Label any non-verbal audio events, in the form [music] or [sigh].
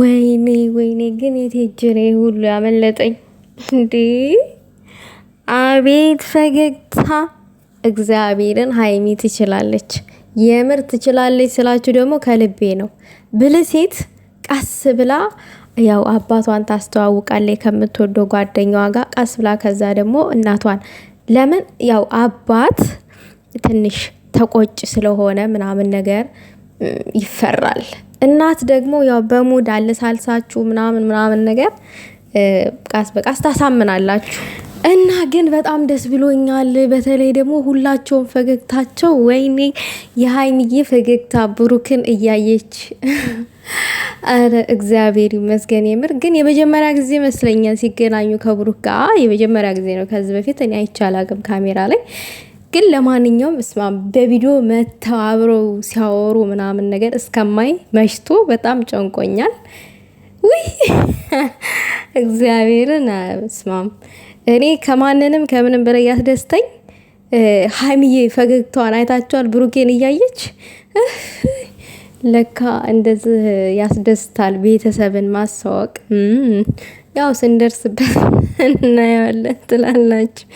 ወይኔ ወይኔ ግን የቴጅሬ ሁሉ ያመለጠኝ እንዴ! አቤት ፈገግታ! እግዚአብሔርን ሀይሚ ትችላለች፣ የምር ትችላለች ስላችሁ ደግሞ ከልቤ ነው። ብልሴት ሴት ቀስ ብላ ያው አባቷን ታስተዋውቃለች ከምትወደው ጓደኛዋ ጋር ቀስ ብላ፣ ከዛ ደግሞ እናቷን ለምን ያው አባት ትንሽ ተቆጭ ስለሆነ ምናምን ነገር ይፈራል እናት ደግሞ ያው በሙድ አለሳልሳችሁ ምናምን ምናምን ነገር ቃስ በቃስ ታሳምናላችሁ። እና ግን በጣም ደስ ብሎኛል። በተለይ ደግሞ ሁላቸውም ፈገግታቸው ወይኔ የሀይሚዬ ፈገግታ ብሩክን እያየች [laughs] አረ እግዚአብሔር ይመስገን። የምር ግን የመጀመሪያ ጊዜ ይመስለኛል ሲገናኙ ከብሩክ ጋር የመጀመሪያ ጊዜ ነው። ከዚህ በፊት እኔ አይቼ አላቅም ካሜራ ላይ ግን ለማንኛውም እስማ በቪዲዮ መተው አብረው ሲያወሩ ምናምን ነገር እስከማይ መሽቶ በጣም ጨንቆኛል። ውይ [laughs] እግዚአብሔርን እስማም እኔ ከማንንም ከምንም በላይ ያስደስተኝ ሀይሚዬ ፈገግታዋን አይታችኋል? ብሩኬን እያየች ለካ እንደዚህ ያስደስታል ቤተሰብን ማስተዋወቅ። ያው ስንደርስበት [laughs] እናየዋለን ትላላችሁ።